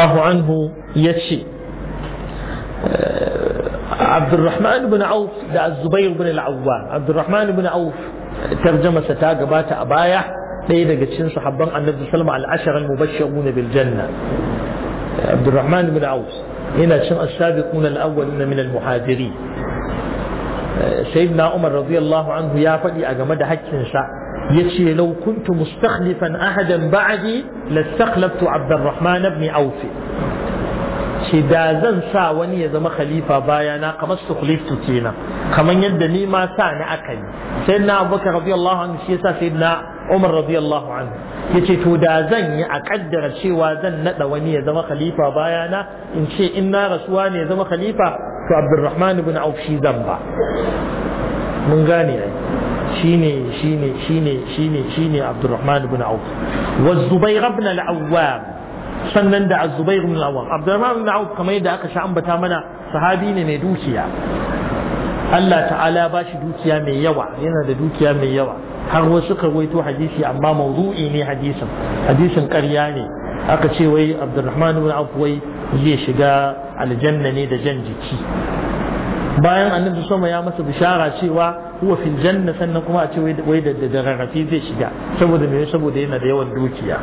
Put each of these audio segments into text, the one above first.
الله عنه يشي آه، عبد الرحمن بن عوف دا الزبير بن العوام عبد الرحمن بن عوف ترجمة ستاقة بات أبايا سيدة جتشن صحبا عن النبي صلى الله عليه وسلم العشر المبشرون بالجنة آه، عبد الرحمن بن عوف هنا شن السابقون الأول من المهاجرين آه، سيدنا عمر رضي الله عنه يا فدي أجمد حكي yace law kuntu mustakhlifan ahadan ba'di lastakhlaftu Abdurrahman ibn Auf ce da zan sa wani ya zama khalifa bayana kamar su khaliftu kenan kamar yadda ni ma sa ni aka yi sai na abubakar radiyallahu anhu shi yasa sai na umar radiyallahu anhu yace to da zan yi a kaddara cewa zan nada wani ya zama khalifa bayana in ce in na rasuwa ne ya zama khalifa to abdurrahman shi ba mun gane shine shine shine shine shine Abdurrahman ibn Auf wa Zubair ibn al-Awwam sannan da Zubair ibn al-Awwam Abdurrahman ibn Auf kamar yadda aka sha ambata mana sahabi ne mai dukiya Allah ta'ala ba shi dukiya mai yawa yana da dukiya mai yawa har wasu ka waito hadisi amma mawdu'i ne hadisin hadisin ƙarya ne aka ce wai Abdurrahman ibn Auf wai zai shiga aljanna ne da jan jiki bayan annabi sama ya masa bishara cewa huwa fil janna sannan kuma a ce wai da da rarrafi zai shiga saboda me saboda yana da yawan dukiya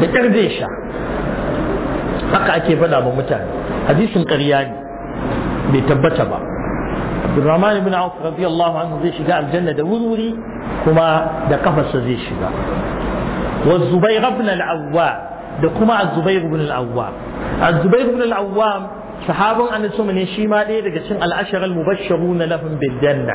da ƙar zai sha haka ake faɗa ba mutane hadisin ƙarya ne bai tabbata ba Abdurrahman ibn Auf radiyallahu anhu zai shiga aljanna da wuri kuma da kafarsa zai shiga wa Zubayr ibn al-Awwam da kuma Az-Zubair ibn al-Awwam Az-Zubair ibn al-Awwam sahabin annabi ne shi ma ɗaya daga cikin al'ashar al na lahum bil janna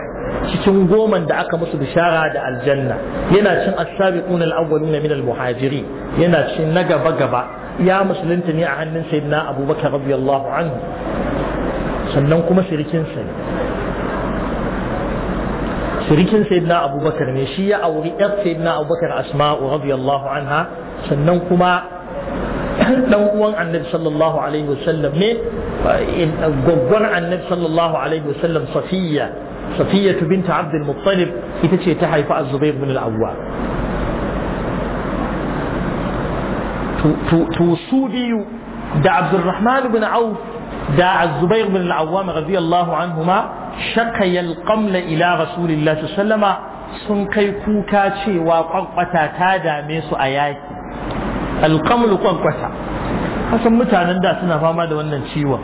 cikin goman da aka musu bishara da aljanna yana cin as-sabiqun al-awwaluna min al-muhajiri yana cin na gaba gaba ya musulunta ne a hannun sayyidina abubakar radiyallahu anhu sannan kuma sirikinsa ne sirikin sayyidina abubakar ne shi ya auri yar sayyidina abubakar asma'u radiyallahu anha sannan kuma dan uwan annabi sallallahu alaihi wasallam ne gwaggwar annab sallallahu alaihi wasallam safiya safiya binta abdul muttalib ita ce ta haifa azubai ibn al-awwa to su biyu da abdurrahman ibn auf da azubai ibn al Awwa radiyallahu anhuma shaka yalqamla ila rasulillahi sallama sun kai kuka cewa kwankwata ta dame su a yaki alqamlu kwankwata kasan mutanen da suna fama da wannan ciwon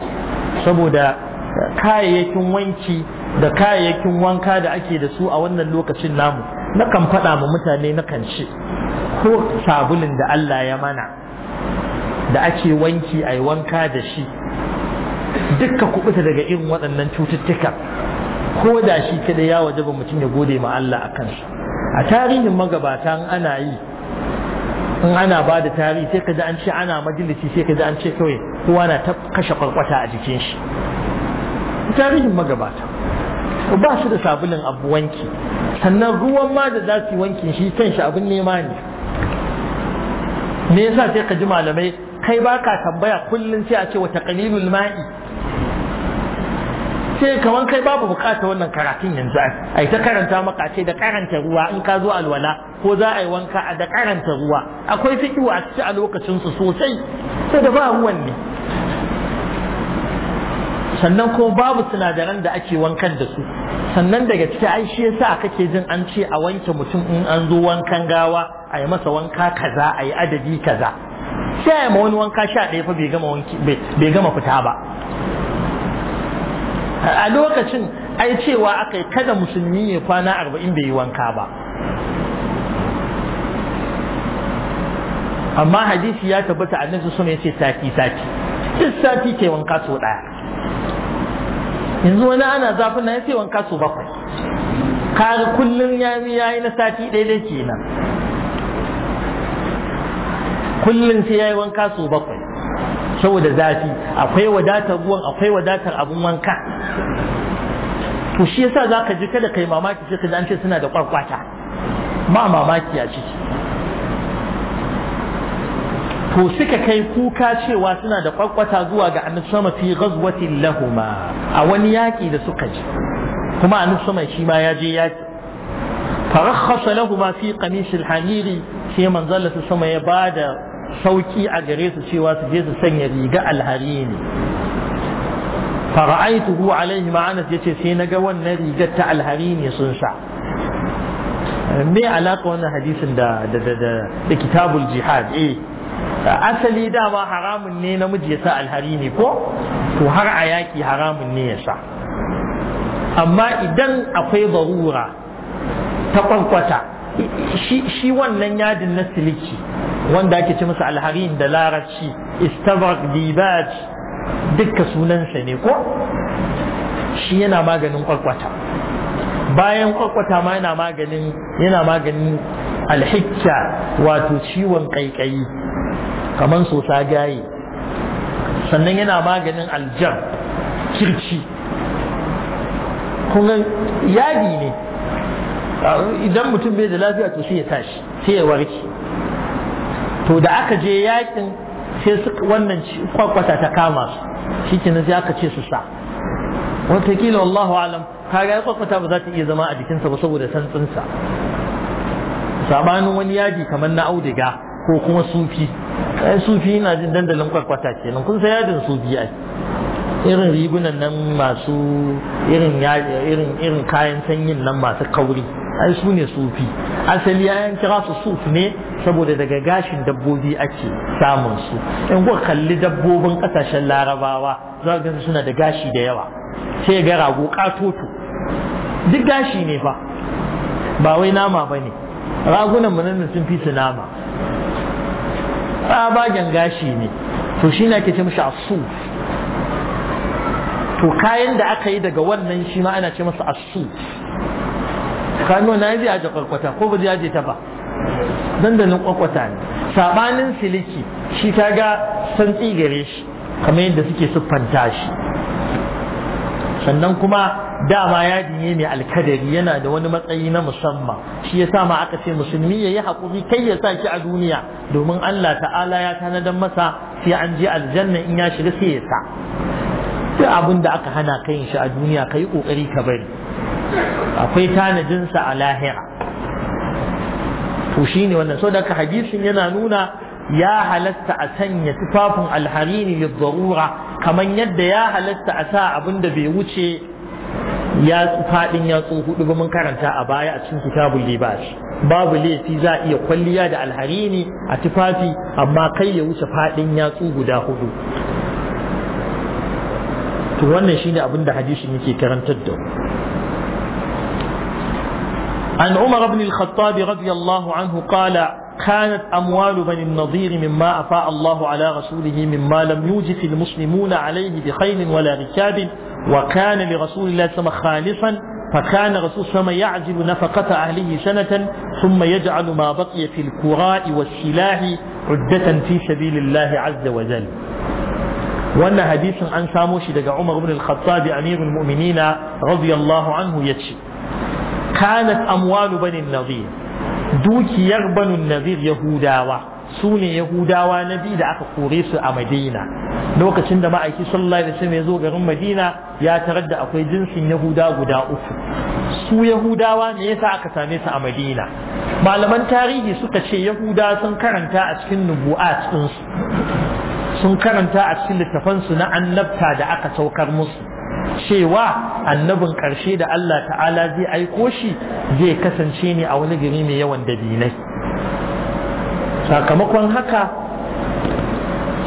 saboda kayayyakin wanki da kayayyakin wanka da ake da su a wannan lokacin namu na kan faɗa ma mutane na kan ce ko sabulin da Allah ya mana da ake wanki a yi wanka da shi dukka kubuta daga irin waɗannan cututtuka ko da shi kada ya waje ba mutum ya gode ma Allah a kansu. a tarihin magabatan ana yi in ana ba da tarihi sai ka ji an ce ana majalisi sai ka ji an ce kawai kowa na ta kashe kwarkwata a jikin shi tarihin magabata ba su da sabulin abu wanki sannan ruwan ma da za su wankin shi kan shi abin nema ne me yasa sai ka ji malamai kai ba ka tambaya kullum sai a ce wata qalilul ma'i ce kamar kai babu bukata wannan karatun yanzu ai ta karanta maka ce da karanta ruwa in ka zo alwala ko za a yi wanka a da karanta ruwa akwai fiki a ciki a lokacin su sosai sai da ba ruwan ne sannan ko babu sinadaran da ake wankan da su sannan daga ciki ai shi yasa kake jin an ce a wanke mutum in an zo wankan gawa a yi masa wanka kaza a yi adadi kaza sai ma wani wanka sha ɗaya fa bai gama fita ba a lokacin ai cewa aka yi kada musulmi ya kwana arba'in bai yi wanka ba amma hadisi ya tabbata annabi sun yace sati sati duk sati ke wanka so daya yanzu wani ana zafin na yace wanka so bakwai kaga kullun ya yi yayi na sati ɗaya dai kenan kullun sai yayi wanka so bakwai saboda zafi akwai wadatar ruwan akwai wadatar abun wanka to shi yasa zaka ji kada kai mamaki sai kaji an ce suna da kwarkwata Ma mamaki a ciki to suka kai kuka cewa suna da kwakwata zuwa ga annabi sama fi ghazwatin lahuma a wani yaki da suka ji kuma annabi sama shi ma ya je yaki farakhasa lahuma fi qamis al-hamiri sai manzon Allah sama ya bada sauki a gare su cewa su je su sanya riga alhari ne fara'aituhu alaihi ma'anas yace sai naga wannan rigar ta alhari ne sun sa me alaka wannan hadisin da da da kitabul jihad eh asali dama haramun ne namiji ya sa alhari ne ko to har a yaki haramun ne ya sha? amma idan akwai barura ta kwankwata shi wannan yadin na siliki wanda ake ce masa alharin da larabci istabrak dibaj dukka sunansa ne ko shi yana maganin kwakwata bayan kwakwata ma yana maganin yana maganin alhikka wato ciwon kaikayi kamar sosa gaye sannan yana maganin aljar kirci kuma yadi ne idan mutum bai da lafiya to sai ya tashi sai ya warke to da aka je yakin sai su wannan kwakwata ta kama su shikenan sai aka ce su sa wataƙila wallahu alam kaga ya kwakwata ba za ta iya zama a jikinsa ba saboda santsinsa sabanin wani yaji kamar na audiga ko kuma sufi ai sufi na jin dandalin kwakwata kenan kun san yadin sufi ai irin rigunan nan masu irin kayan sanyin nan masu kauri ai su ne sufi asali ya kira su suf ne saboda daga gashin dabbobi ake samun su in ku kalli dabbobin kasashen larabawa za ga suna da gashi da yawa sai ga rago katoto duk gashi ne fa ba wai nama ba ne ragunan mu sun fi su nama tsabagen gashi ne to shi na ake ce mishi asuf to kayan da aka yi daga wannan shi ma ana ce masa asuf kano na zai aje kwakwata ko ba zai aje ta ba dandanin kwakwata ne sabanin siliki shi ta ga san tsigare shi kamar yadda suke siffanta shi sannan kuma dama ya ne mai alkadari yana da wani matsayi na musamman shi ya sama aka ce musulmi ya yi haƙuri kai ya sa shi a duniya domin Allah ta'ala ya tanadar masa sai an je aljanna in ya shiga sai ya sa duk abin da aka hana ka yin shi a duniya ka yi ƙoƙari ka bari akwai tanadinsa a lahira to shine wannan so daga hadisin yana nuna ya halatta a sanya tufafin alharini zarura kamar yadda ya halatta a sa abin da bai wuce ya faɗin yatsu hudu ba mun karanta a baya a cikin kitabul libas babu laifi za iya kwalliya da alharini a tufafi amma kai ya wuce faɗin yatsu guda hudu to wannan shine abin da hadisin yake karantar da عن عمر بن الخطاب رضي الله عنه قال كانت أموال بني النضير مما أفاء الله على رسوله مما لم يوجف المسلمون عليه بخيل ولا ركاب وكان لرسول الله صلى الله عليه وسلم خالصا فكان رسول الله يعزل نفقة أهله سنة ثم يجعل ما بقي في الكراء والسلاح عدة في سبيل الله عز وجل وأن حديث عن ساموش دقى عمر بن الخطاب أمير المؤمنين رضي الله عنه يتشي kanat amwalu banin nazir dukiyar banin nazir yahudawa su ne yahudawa na biyu da aka kore su a madina lokacin da ma'aiki sallallahu alaihi wasallam ya zo garin madina ya tarar da akwai jinsin yahuda guda uku su yahudawa ne yasa aka same su a madina malaman tarihi suka ce yahuda sun karanta a cikin nubu'at ɗinsu sun karanta a cikin littafansu na annabta da aka saukar musu cewa annabin ƙarshe da Allah ta'ala zai aiko shi zai kasance ne a wani gari mai yawan dabinai sakamakon haka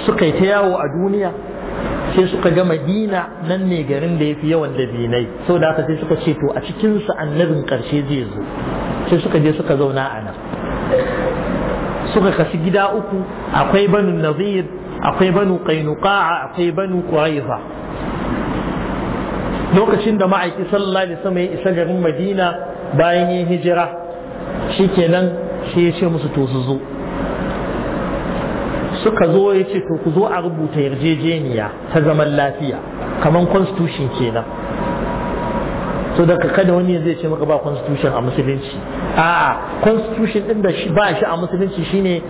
suka yi ta yawo a duniya sai suka ga madina nan ne garin da ya fi yawan dabinai sau da haka sai suka ce to a cikinsu annabin ƙarshe zai zo sai suka je suka zauna a nan suka kasi gida uku akwai banu nazir akwai banu kainuka akwai banu ƙuraiza lokacin da ma'aiki sallallahu alaihi wasallam ya isa garin madina bayan yin hijira shikenan shi ya ce musu to su zo suka zo ya ce to ku zo a rubuta yarjejeniya ta zaman lafiya kamar constitution kenan so daga kada wani zai ce maka ba constitution a musulunci a'a constitution din da ba shi a musulunci shine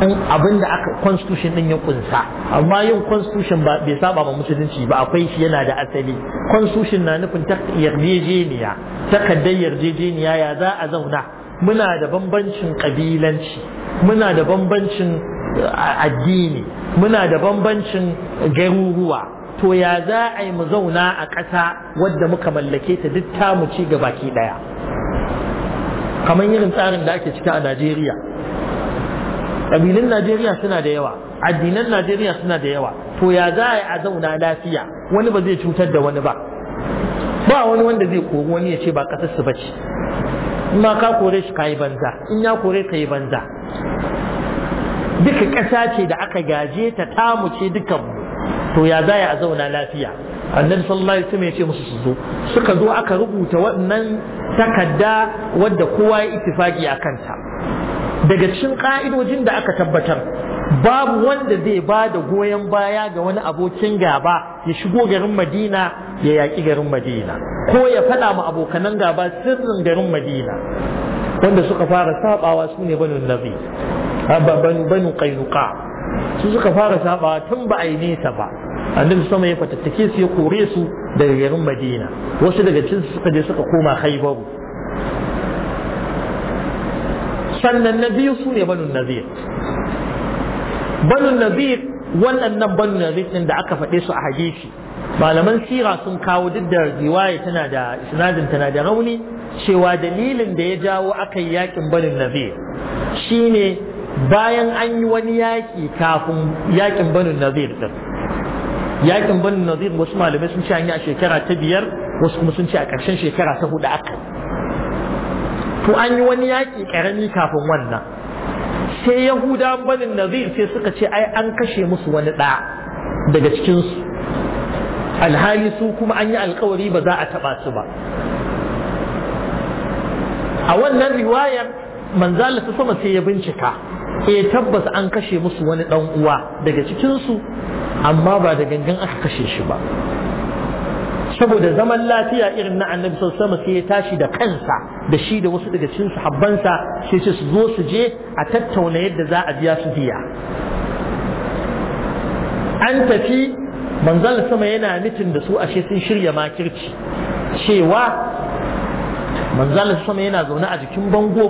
in abin da aka constitution din ya kunsa amma yin constitution ba bai saba ba musulunci ba akwai shi yana da asali constitution na nufin ta yarjejeniya takaddar yarjejeniya ya za a zauna muna da bambancin kabilanci muna da bambancin addini muna da bambancin garuruwa to ya za a yi mu zauna a ƙasa wadda muka mallake ta duk ta mu ci gaba ki ɗaya kamar irin tsarin da ake ciki a najeriya ƙabilun najeriya suna da yawa addinan najeriya suna da yawa to ya za a yi a zauna lafiya wani ba zai cutar da wani ba ba wani wanda zai kori wani ya ce ba ƙasar su bace in ma ka kore shi ka yi banza in ya kore ka yi banza duka ƙasa ce da aka gaje ta tamu ce dukanmu to ya za a zauna lafiya annabi sallallahu alaihi wasallam ya ce musu su zo suka zo aka rubuta wannan takarda wadda kowa ya ittifaki a kanta daga cikin ƙa'idojin da aka tabbatar babu wanda zai ba da goyon baya ga wani abokin gaba ya shigo garin madina ya yaƙi garin madina ko ya faɗa ma abokanan gaba sirrin garin madina wanda suka fara sabawa su ne banu nabi banu ƙainuka su suka fara sabawa tun ba a yi nesa ba annabi sama ya fatattake su ya kore su daga garin madina wasu daga cikin suka je suka koma haibaru sannan na biyu su ne banu nazir banu nazir waɗannan banu nazir ɗin da aka faɗe su a hadisi malaman sira sun kawo duk da riwaya tana da isnadin tana da rauni cewa dalilin da ya jawo aka yi yakin banu nazir shine bayan an yi wani yaki kafin yakin banu nazir din yakin banu nazir wasu malamai sun ce an yi a shekara ta biyar wasu kuma sun ce a ƙarshen shekara ta hudu aka to an yi wani yaƙi ƙarami kafin wannan sai yahuda banin nazir sai suka ce ai an kashe musu wani ɗa daga cikinsu alhali su kuma an yi alkawari ba za a taɓa su ba a wannan riwayar manzala ta sama sai ya bincika ya eh, tabbas an kashe musu wani ɗan uwa daga cikinsu amma ba da gangan aka kashe shi ba saboda zaman lafiya irin na annabi sallallahu sama sai ya tashi da kansa da shi da wasu daga cikin sahabbansa sai ce su zo su je a tattauna yadda za a biya su biya an tafi manzal sama yana mitin da su ashe sun shirya makirci cewa manzal sama yana zaune a jikin bango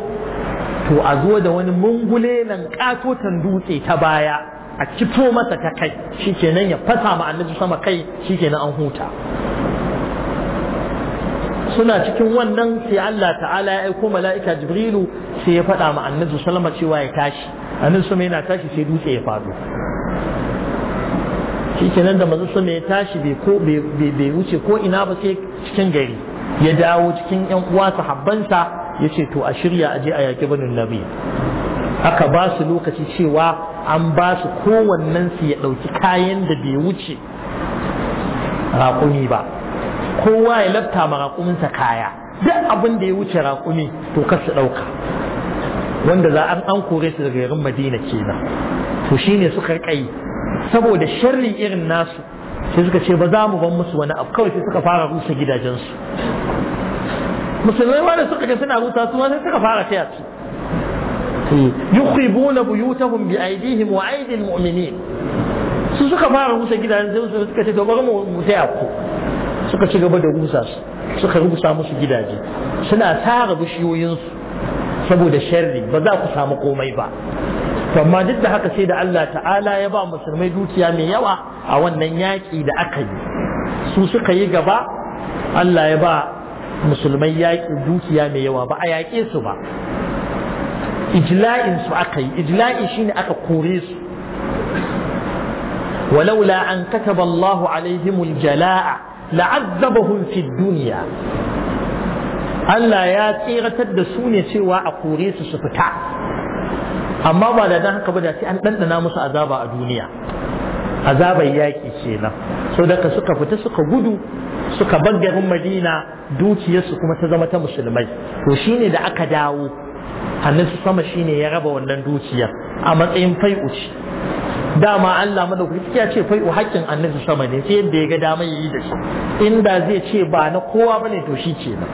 to a zo da wani mungule nan katotan dutse ta baya a kito masa ta kai shikenan ya fasa ma annabi sama kai shikenan an huta suna cikin wannan sai Allah ta'ala ya aiko mala'ika jibrilu sai ya faɗa ma annabi sallama cewa ya tashi annabi sallama yana tashi sai dutse ya faɗo kenan da manzo sallama ya tashi bai ko bai wuce ko ina ba sai cikin gari ya dawo cikin yan uwa sahabbansa ya ce to a shirya aje a yaƙi banin nabi aka ba su lokaci cewa an ba su kowannen su ya ɗauki kayan da bai wuce raƙumi ba kowa ya lafta ma raƙuminsa kaya duk abin da ya wuce raƙumi to kar su ɗauka wanda za an an kore su daga garin madina kenan to shine suka kai saboda sharri irin nasu sai suka ce ba za mu ban musu wani abu kawai sai suka fara rusa gidajensu musulmai wanda suka ce suna rusa su sai suka fara taya su yukhribuna buyutahum bi aydihim wa aydil mu'minin su suka fara rusa gidajen sai suka ce to bari mu taya ku suka ci gaba da rusa su suka rusa musu gidaje suna tara bishiyoyinsu saboda sharri ba za ku samu komai ba amma duk da haka sai da Allah ta'ala ya ba musulmai dukiya mai yawa a wannan yaƙi da aka yi su suka yi gaba Allah ya ba musulmai yaƙi dukiya mai yawa ba a yaƙe su ba ijla'in su aka yi ijla'i shine aka kore su walaula an kataba Allahu alaihimul jala'a la'azzabahum fid dunya Allah ya tsiratar da su ne cewa a kore su su fita amma ba da dan haka ba da sai an dandana musu azaba a duniya azabar yaki kenan so daga suka fita suka gudu suka bar garin madina dukiyarsu kuma ta zama ta musulmai to shine da aka dawo hannun sama shine ya raba wannan dukiyar a matsayin fai'uci dama Allah madaukaki ya ce fai haƙƙin annabi sama ne sai yadda ya ga dama yi da shi inda zai ce ba na kowa bane to shi ce na.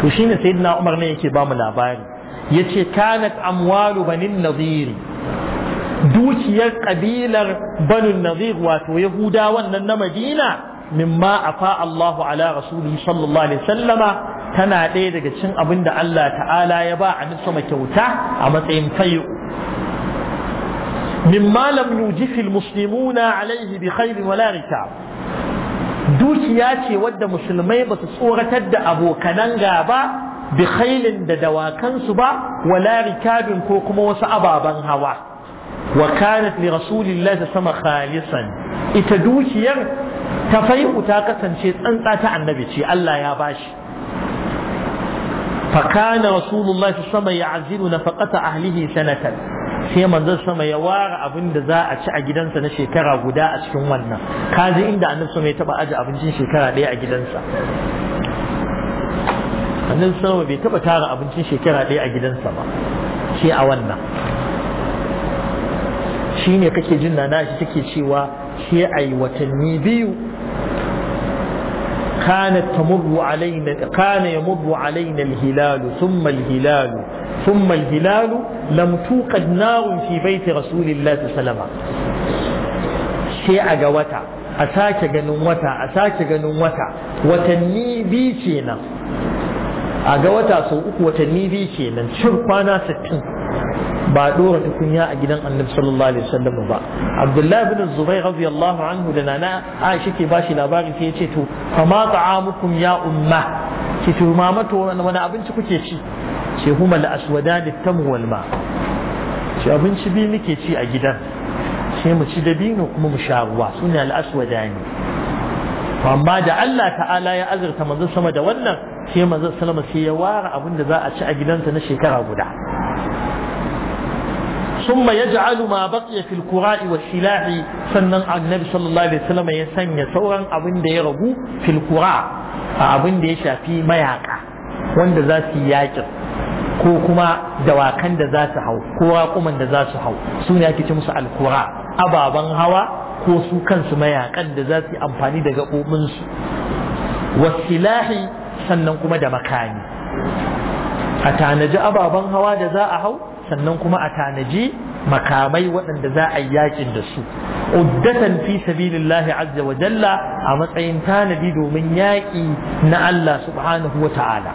to shi ne sayyidina Umar ne yake ba mu labari yace kanat amwalu banin Naziri, dukiyar kabilar banin Naziri, wato yahuda wannan na Madina mimma afa Allahu ala rasulihi sallallahu alaihi wasallama tana ɗaya daga cin abin da Allah ta'ala ya ba a sama kyauta a matsayin fayu mimma lam yujifi almuslimuna alaihi bi wala rikab dukiya ce wadda musulmai ba su tsoratar da abokanan gaba bi khailin da dawakansu ba wala rikabin ko kuma wasu ababen hawa wa kanat li rasulillahi ta sama ita dukiyar ta fai'u ta kasance tsantsa ta annabi ce Allah ya bashi Fakana رسول الله صلى الله عليه وسلم يعزل نفقة sai manzon sama ya ware abin da za a ci a gidansa na shekara guda a cikin wannan kaji inda annabi sama ya taba aje abincin shekara ɗaya a gidansa annabi sama bai taba tara abincin shekara ɗaya a gidansa ba sai a wannan shi ne kake jin na shi take cewa sai a yi watanni biyu كانت تمر علينا كان يمر علينا الهلال ثم الهلال ثم الهلال لم توقد نار في بيت رسول الله صلى الله عليه وسلم a ga wata a sake ganin wata a sake ganin wata watanni biyu kenan a ga wata sau uku watanni biyu kenan cin kwana sittin ba dora tukunya a gidan annabi sallallahu alaihi wasallam ba abdullahi bin zubair radiyallahu anhu da nana aisha ke bashi labarin sai yace to fa ma ta'amukum ya umma ki to to wani abinci kuke ci ce huma al-aswadan at-tamr wal ma ce abinci biyu muke ci a gidan sai mu ci dabino kuma mu sha ruwa sune al-aswadani amma da Allah ta'ala ya azurta manzo sama da wannan sai manzo sallama sai ya wara abin da za a ci a gidansa na shekara guda ثم يجعل ما بقي في القراء والسلاح sannan annabi sallallahu alaihi wasallam ya sanya sauran abin da ya ragu filkura a abin da ya shafi mayaka wanda za su yaƙin ko kuma dawakan da za su hau ko raƙuman da za su hau su ne ake ce musu alkura ababen hawa ko su kansu mayakan da za su yi amfani da gaɓoɓinsu wasilahi sannan kuma da makami a tanaji ababen hawa da za a hau sannan kuma a tanaji makamai waɗanda za a yi da su uddatan fi sabilillahi azza wa jalla a matsayin tanadi domin yaƙi na Allah subhanahu wa ta'ala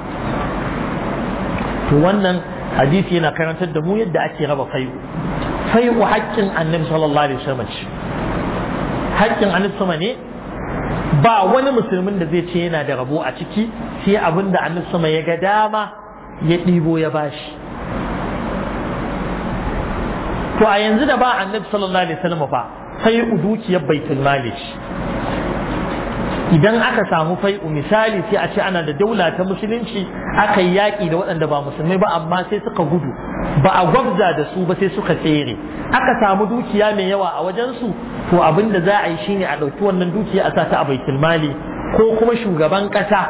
to wannan hadisi yana karantar da mu yadda ake raba fayu fayu haƙƙin annabi sallallahu alaihi wasallam ce haƙƙin annabi sama ne ba wani musulmin da zai ce yana da rabo a ciki sai abin da annabi sama ya ga dama ya ɗibo ya bashi to a yanzu da ba annabi sallallahu alaihi wasallam fa sai dukiyar baitul mali idan aka samu fai'u misali sai a ce ana da daula ta musulunci aka yi yaƙi da waɗanda ba musulmai ba amma sai suka gudu ba a gwabza da su ba sai suka tsere aka samu dukiya mai yawa a wajen su to abin da za a yi shine a ɗauki wannan dukiya a sa ta a baitul mali ko kuma shugaban ƙasa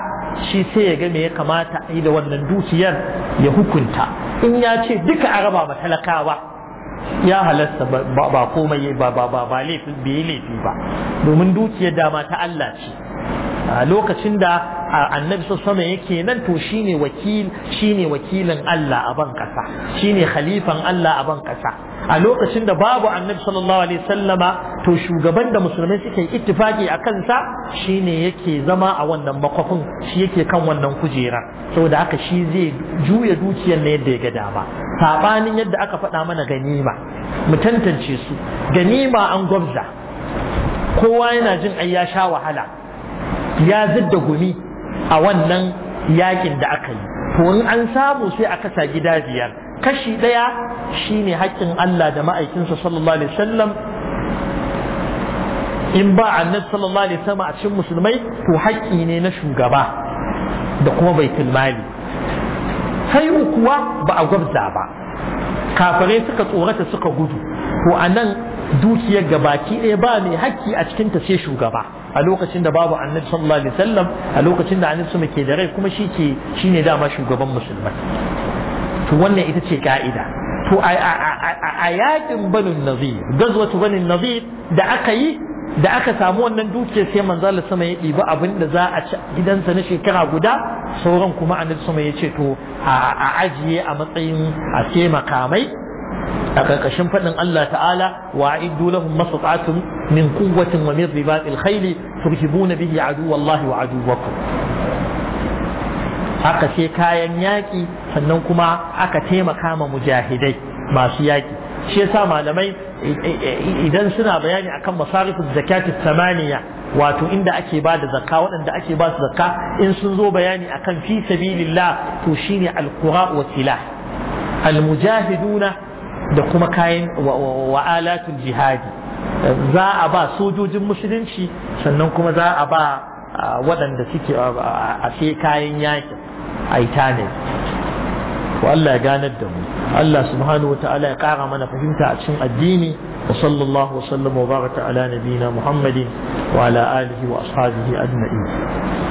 shi sai ya ga me ya kamata a yi da wannan dukiyar ya hukunta in ya ce duka a raba ma talakawa ya halasta ba komai ba ba ba ba laifi ba domin dukiyar dama ta Allah ce a lokacin da annabi sama yake nan to shine ne wakilin Allah a ban kasa shine khalifan Allah a ban kasa a lokacin da babu annabi sallallahu alaihi wasallama to shugaban da musulmai suke ittifaki a kansa shine yake zama a wannan makwafin shi yake kan wannan kujera saboda haka shi zai juya dukiyar na yadda ya ga dama saɓanin yadda aka faɗa mana ganima mu tantance su ganima an gwabza kowa yana jin ai ya sha wahala ya zidda gumi a wannan yakin da aka yi to in an samu sai a kasa gida biyar kashi ɗaya shine haƙƙin Allah da ma'aikinsa sallallahu alaihi wasallam in ba annabi sallallahu alaihi wasallam a cikin musulmai to haƙƙi ne na shugaba da kuma baitul mali sai kuwa ba a gwabza ba kafirai suka tsorata suka gudu to anan dukiyar gabaki ɗaya ba mai haƙƙi a cikinta ta sai shugaba a lokacin da babu annabi sallallahu alaihi wasallam a lokacin da annabi sama ke da rai kuma shi ke shine dama shugaban musulmai to wannan ita ce ka'ida to a yakin banin nazir gazwatu banin nazir da aka yi da aka samu wannan dukiyar sai manzo Allah sama ya ɗiba abin da za a ci gidansa na shekara guda sauran kuma annabi sama ya ce to a ajiye a matsayin a makamai a ƙarƙashin faɗin Allah ta'ala wa a'iddu lahum masata'atun min kuwatin wa min ribatil khayli turhibuna bihi aduwallahi wa aduwwakum aka ce kayan yaƙi sannan kuma aka taimaka ma mujahidai masu yaƙi shi yasa malamai idan suna bayani akan masarifin zakati samaniya wato inda ake ba da zakka waɗanda ake ba su zakka in sun zo bayani akan fi sabilillah to shine alqura wa silah almujahiduna da kuma kayan wa'alatul jihadi za a ba sojojin musulunci sannan kuma za a ba waɗanda suke a sai kayan yakin a itane Allah ya ganar da mu Allah subhanahu wa ta'ala ya ƙara mana fahimta a cikin addini wa sallallahu wa sallam wa baraka ala nabiyina Muhammadin wa ala alihi wa ashabihi ajma'in